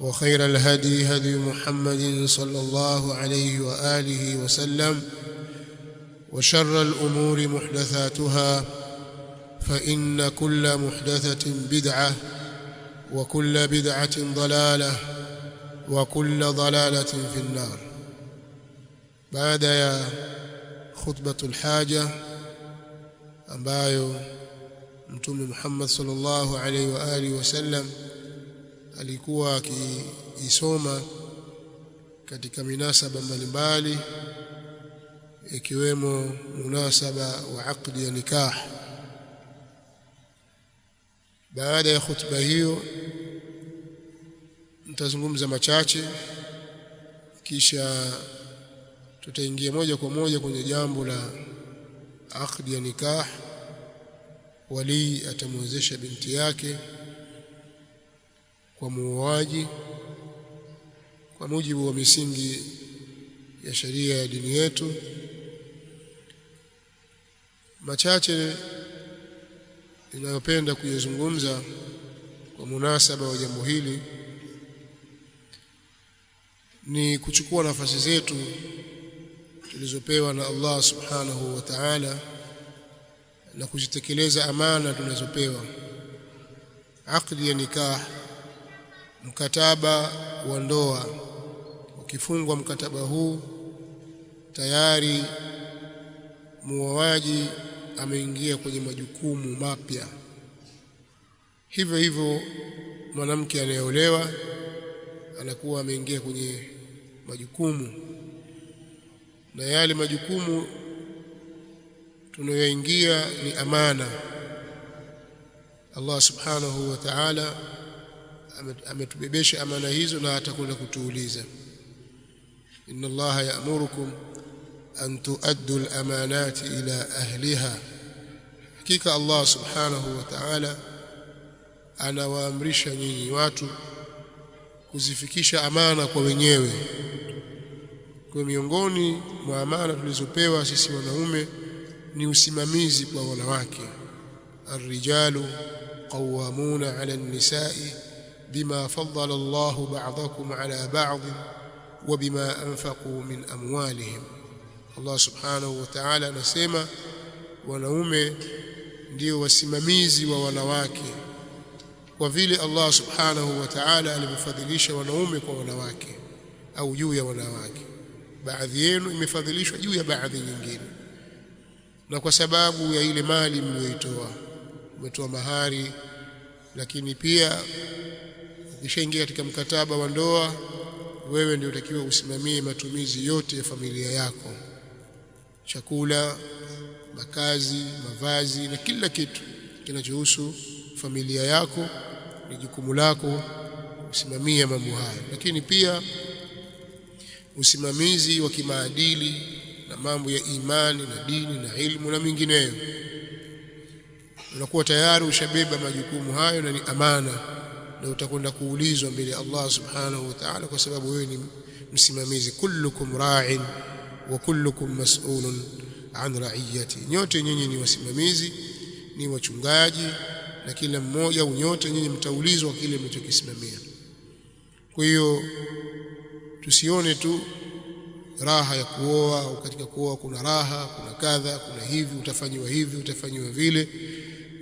وخير الهدي هدي محمد صلى الله عليه واله وسلم وشر الامور محدثاتها فان كل محدثه بدعه وكل بدعه ضلاله وكل ضلاله في النار بعد يا خطبه الحاجه ambayo أنتم محمد صلى الله عليه وآله وسلم alikuwa akiisoma katika minasaba mbalimbali ikiwemo munasaba wa aqdi ya nikah. Baada ya khutba hiyo, nitazungumza machache, kisha tutaingia moja kwa moja kwenye jambo la aqdi ya nikah. Walii atamwezesha binti yake kwa muuaji kwa mujibu wa misingi ya sheria ya dini yetu. Machache ninayopenda kuyazungumza kwa munasaba wa jambo hili ni kuchukua nafasi zetu tulizopewa na Allah subhanahu wa ta'ala na kuzitekeleza amana tunazopewa. Aqdi ya nikah Mkataba wa ndoa ukifungwa mkataba huu, tayari muoaji ameingia kwenye majukumu mapya. Hivyo hivyo mwanamke anayeolewa anakuwa ameingia kwenye majukumu, na yale majukumu tunayoingia ni amana. Allah subhanahu wa ta'ala ametubebesha amana hizo na atakwenda kutuuliza. Inna Allaha ya'murukum an tuaddu al-amanati ila ahliha, hakika Allah subhanahu wa ta'ala anawaamrisha nyinyi watu kuzifikisha amana kwa wenyewe. Kwa miongoni mwa amana tulizopewa sisi wanaume ni usimamizi kwa wanawake, arrijalu qawwamuna ala nisai بما فضل الله بعضكم على بعض وبما anfaqu min amwalihim Allah subhanahu wa ta'ala anasema wanaume ndio wasimamizi wa wanawake kwa vile Allah subhanahu wa ta'ala alivyofadhilisha wanaume kwa wanawake au juu ya wanawake baadhi yenu imefadhilishwa juu ya baadhi nyingine na kwa sababu ya ile mali mliyoitoa umetoa mahari lakini pia ishaingia katika mkataba wa ndoa, wewe ndio utakiwa usimamie matumizi yote ya familia yako, chakula, makazi, mavazi na kila kitu kinachohusu familia yako. Ni jukumu lako usimamie mambo hayo, lakini pia usimamizi wa kimaadili na mambo ya imani na dini na ilmu na mingineyo. Unakuwa tayari ushabeba majukumu hayo na ni amana na utakwenda kuulizwa mbele Allah subhanahu wa ta'ala, kwa sababu wewe ni msimamizi. Kullukum ra'in wa kullukum mas'ulun an ra'iyati, nyote nyinyi ni wasimamizi, ni wachungaji, na kila mmoja au nyote nyinyi mtaulizwa kile mlichokisimamia. Kwa hiyo tusione tu raha ya kuoa au katika kuoa kuna raha, kuna kadha, kuna hivi, utafanyiwa hivi, utafanyiwa vile,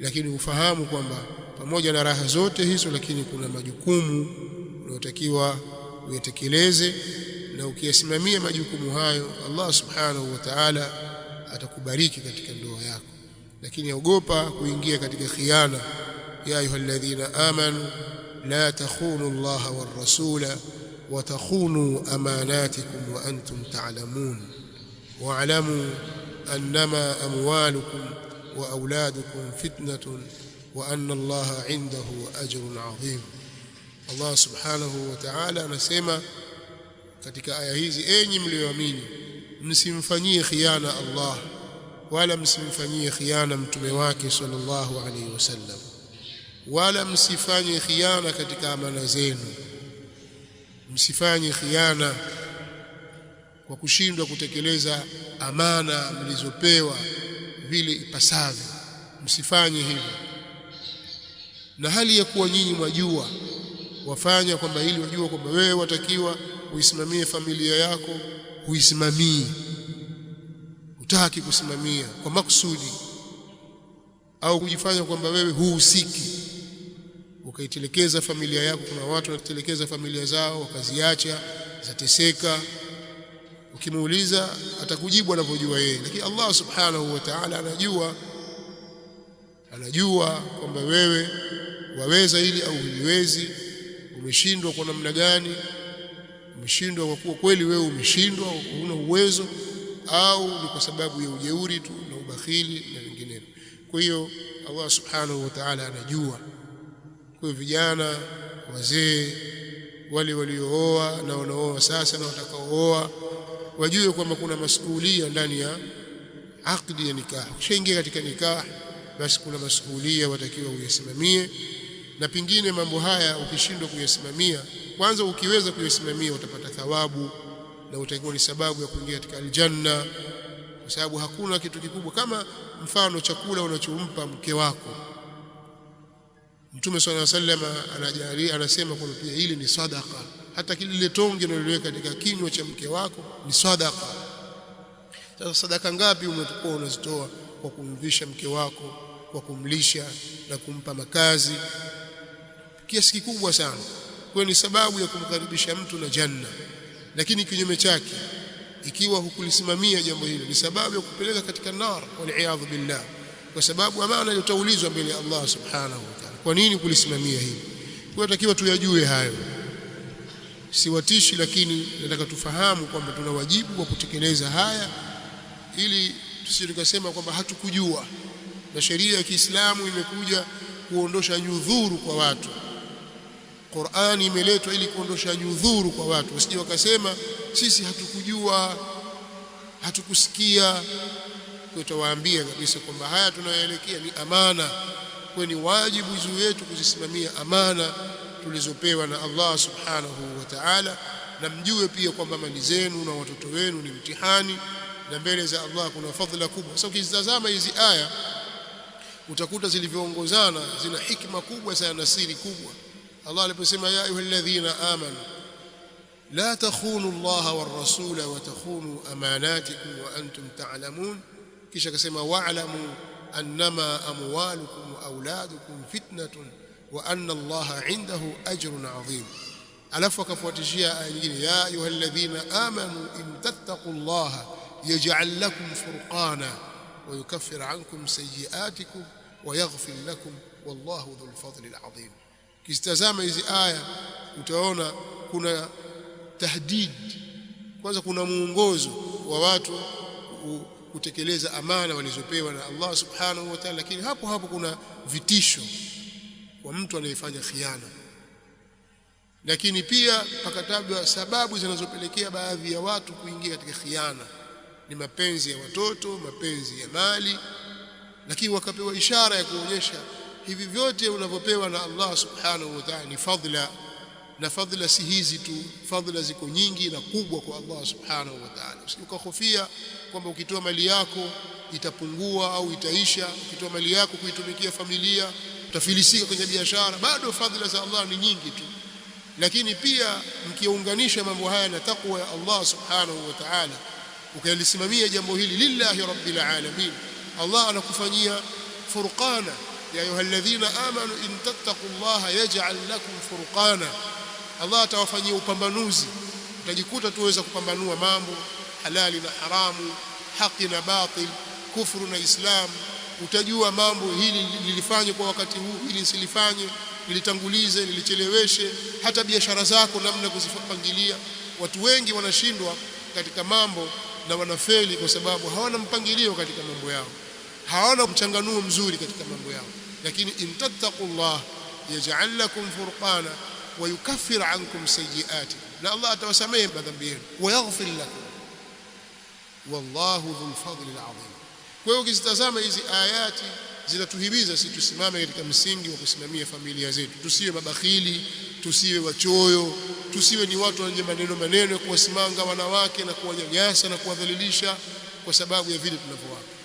lakini ufahamu kwamba pamoja na raha zote hizo, lakini kuna majukumu unayotakiwa uyatekeleze, na ukiyasimamia majukumu hayo, Allah subhanahu wa ta'ala atakubariki katika ndoa yako. Lakini ogopa kuingia katika khiana. ya ayuha alladhina amanu la takhunu llaha war rasula wa takhunu amanatikum wa antum ta'lamun wa annama amwalukum wa auladukum fitnatun wa anna allaha indahu ajrun adhim Allah subhanahu wa anasema katika aya hizi enyi mlioamini msimfanyie khiana Allah wala msimfanyie khiana mtume wake sallallahu alaihi wasallam wala msifanye khiana katika amana zenu msifanye khiana kwa kushindwa kutekeleza amana mlizopewa vile ipasavyo msifanye hivyo na hali ya kuwa nyinyi mwajua wafanya kwamba hili wajua kwamba wewe watakiwa uisimamie familia yako, uisimamie utaki kusimamia kwa maksudi au kujifanya kwamba wewe huhusiki, ukaitelekeza familia yako. Kuna watu wanatelekeza familia zao wakaziacha, zateseka. Ukimuuliza atakujibu anavyojua yeye, lakini Allah subhanahu wa ta'ala anajua, anajua kwamba wewe waweza hili au huliwezi, umeshindwa kwa namna gani, umeshindwa kwa kuwa kweli wewe umeshindwa, una uwezo, au ni kwa sababu ya ujeuri tu na ubakhili na vinginevyo. Kwa hiyo Allah subhanahu wa ta'ala anajua. Kwa vijana, wazee, wale waliooa na wanaoa sasa na watakaooa wajue kwamba kuna masuhulia ndani ya akdi ya nikaha. Ukishaingia katika nikah basi kuna masuhulia watakiwa uyasimamie na pengine mambo haya ukishindwa kuyasimamia, kwanza ukiweza kuyasimamia utapata thawabu na utakuwa ni sababu ya kuingia katika aljanna, kwa sababu hakuna kitu kikubwa kama mfano chakula unachompa mke wako. Mtume swalla sallam anajali anasema kwamba pia hili ni sadaka, hata kile tonge unaloweka katika kinywa cha mke wako ni sadaka. Sasa sadaka ngapi umekuwa unazitoa kwa kumvisha mke wako, kwa kumlisha na kumpa makazi kiasi kikubwa sana kwa ni sababu ya kumkaribisha mtu na janna lakini kinyume chake ikiwa hukulisimamia jambo hilo ni sababu ya kupeleka katika nar wal billah kwa sababu amana yataulizwa mbele ya Allah subhanahu wa ta'ala kwa nini kulisimamia hili kwa takiwa tuyajue hayo siwatishi lakini nataka tufahamu kwamba tuna wajibu wa kutekeleza haya ili tusije tukasema kwamba hatukujua na sheria ya Kiislamu imekuja kuondosha nyudhuru kwa watu Qur'ani imeletwa ili kuondosha nyudhuru kwa watu, wasije wakasema sisi hatukujua, hatukusikia. Kwa tutawaambia kabisa kwamba haya tunayoelekea ni amana, kwa ni wajibu juu yetu kuzisimamia amana tulizopewa na Allah subhanahu wa ta'ala. Na mjue pia kwamba mali zenu na watoto wenu ni mtihani, na mbele za Allah kuna fadhila kubwa. Sasa ukizitazama hizi aya utakuta zilivyoongozana zina hikma kubwa sana na siri kubwa. الله سيما يا أيها الذين آمنوا لا تخونوا الله والرسول وتخونوا أماناتكم وأنتم تعلمون كيش كسم واعلموا أنما أموالكم وأولادكم فتنة وأن الله عنده أجر عظيم ألفك فوتشيا أيها يا أيها الذين آمنوا إن تتقوا الله يجعل لكم فرقانا ويكفر عنكم سيئاتكم ويغفر لكم والله ذو الفضل العظيم Ukizitazama hizi aya utaona kuna tahdid, kwanza kuna muongozo wa watu kutekeleza amana walizopewa na Allah subhanahu wa ta'ala, lakini hapo hapo kuna vitisho kwa mtu anayefanya khiana, lakini pia pakatajwa sababu zinazopelekea baadhi ya watu kuingia katika khiana ni mapenzi ya watoto, mapenzi ya mali, lakini wakapewa ishara ya kuonyesha hivi vyote unavyopewa na Allah subhanahu wa ta'ala ni fadhila, na fadhila si hizi tu, fadhila ziko nyingi na kubwa kwa Allah subhanahu wa ta'ala. Usikahofia kwamba ukitoa mali yako itapungua au itaisha, ukitoa mali yako kuitumikia familia utafilisika kwenye biashara. Bado fadhila za Allah ni nyingi tu, lakini pia mkiunganisha mambo haya na takwa ya Allah subhanahu wa ta'ala, ukalisimamia jambo hili lillahi rabbil alamin, Allah anakufanyia furqana ya ayyuhalladhina amanu in tattaqullaha yaj'al lakum furqana Allah atawafanyia upambanuzi utajikuta tuweza kupambanua mambo halali na haramu haki na batil kufuru na islam utajua mambo hili lilifanye kwa wakati huu ili silifanye lilitangulize lilicheleweshe hata biashara zako namna kuzipangilia watu wengi wanashindwa katika mambo na wanafeli kwa sababu hawana mpangilio katika mambo yao hawana mchanganuo mzuri katika mambo yao, lakini intattaqullah yaj'al lakum furqana wa yukaffir ankum sayyiati, na Allah atawasamehe madhambi yenu, wa yaghfir lakum wallahu dhul fadli alazim. Kwa hiyo ukizitazama hizi ayati zinatuhimiza sisi tusimame katika msingi wa kusimamia familia zetu, tusiwe mabakhili, tusiwe wachoyo, tusiwe ni watu wenye maneno maneno ya kuwasimanga wanawake na kuwanyanyasa na kuwadhalilisha kwa sababu ya vile tunavyowapa.